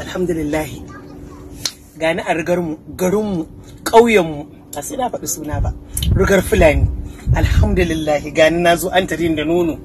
alhamdulillahi gani a rigarmu garinmu ƙauyenmu ba sai na faɗi suna ba rigar fulani alhamdulillahi gani na zo an tarin da nono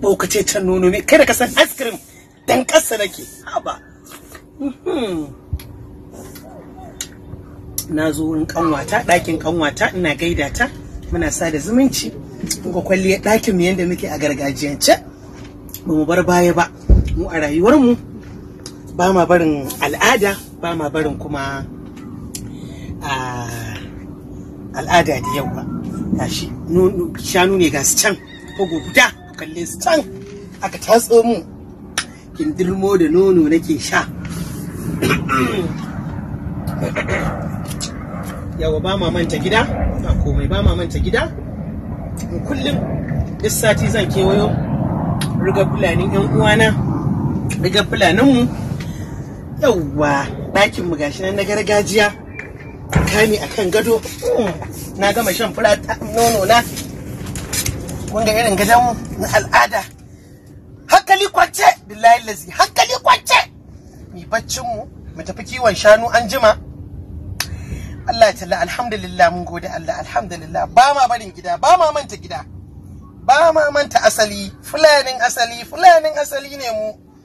ɓaukace can nono ne kai da kasan ice cream dan ƙasa nake haba mhm. na zo wurin ƙanwata ɗakin ƙanwata ina gaida ta muna sa da zumunci ga kwalliya ɗakin mu yadda muke a gargajiyance ba mu bar baya ba mu a rayuwarmu ba ma barin al'ada ba ma barin kuma al'ada da yawa gashi shanu ne gasu can fago guda kalle su can aka tatso mu kindirmo da nono nake sha yawa ba ma manta gida ba komai ba ma manta gida kullum duk sati zan kewayo riga fulanin yan uwana riga fulanin mu yawwa ɗakin mu gashi nan na gargajiya kani akan gado hmm, na gama shan fura nono na kun ga irin gadon na al'ada hankali kwance billahi lazi hankali kwance mi baccin mu mu tafi kiwon shanu an jima Allah ya talla alhamdulillah mun gode Allah alhamdulillah ba ma barin gida ba ma manta gida ba ma manta asali fulanin asali fulanin asali ne mu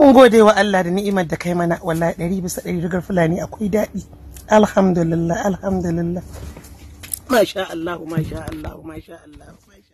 mun gode wa Allah da ni'imar da kai mana wallahi ɗari bisa ɗari rigar fulani akwai daɗi alhamdulillah alhamdulillah masha Allah masha Allah masha Allah masha